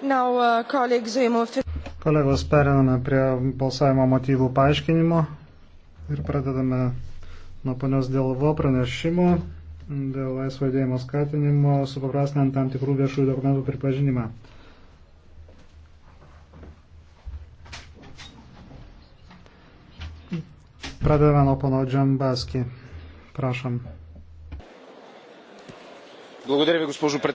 Now, uh, colleagues, we move to... Kolegos, periname prie balsavimo motyvų paaiškinimo ir pradedame nuo ponios Dėlvo pranešimo dėl laisvo judėjimo skatinimo, supaprastinant tam tikrų viešųjų dokumentų pripažinimą. Pradedame nuo pono Džambaski. Prašom. Благодаря ви, госпожо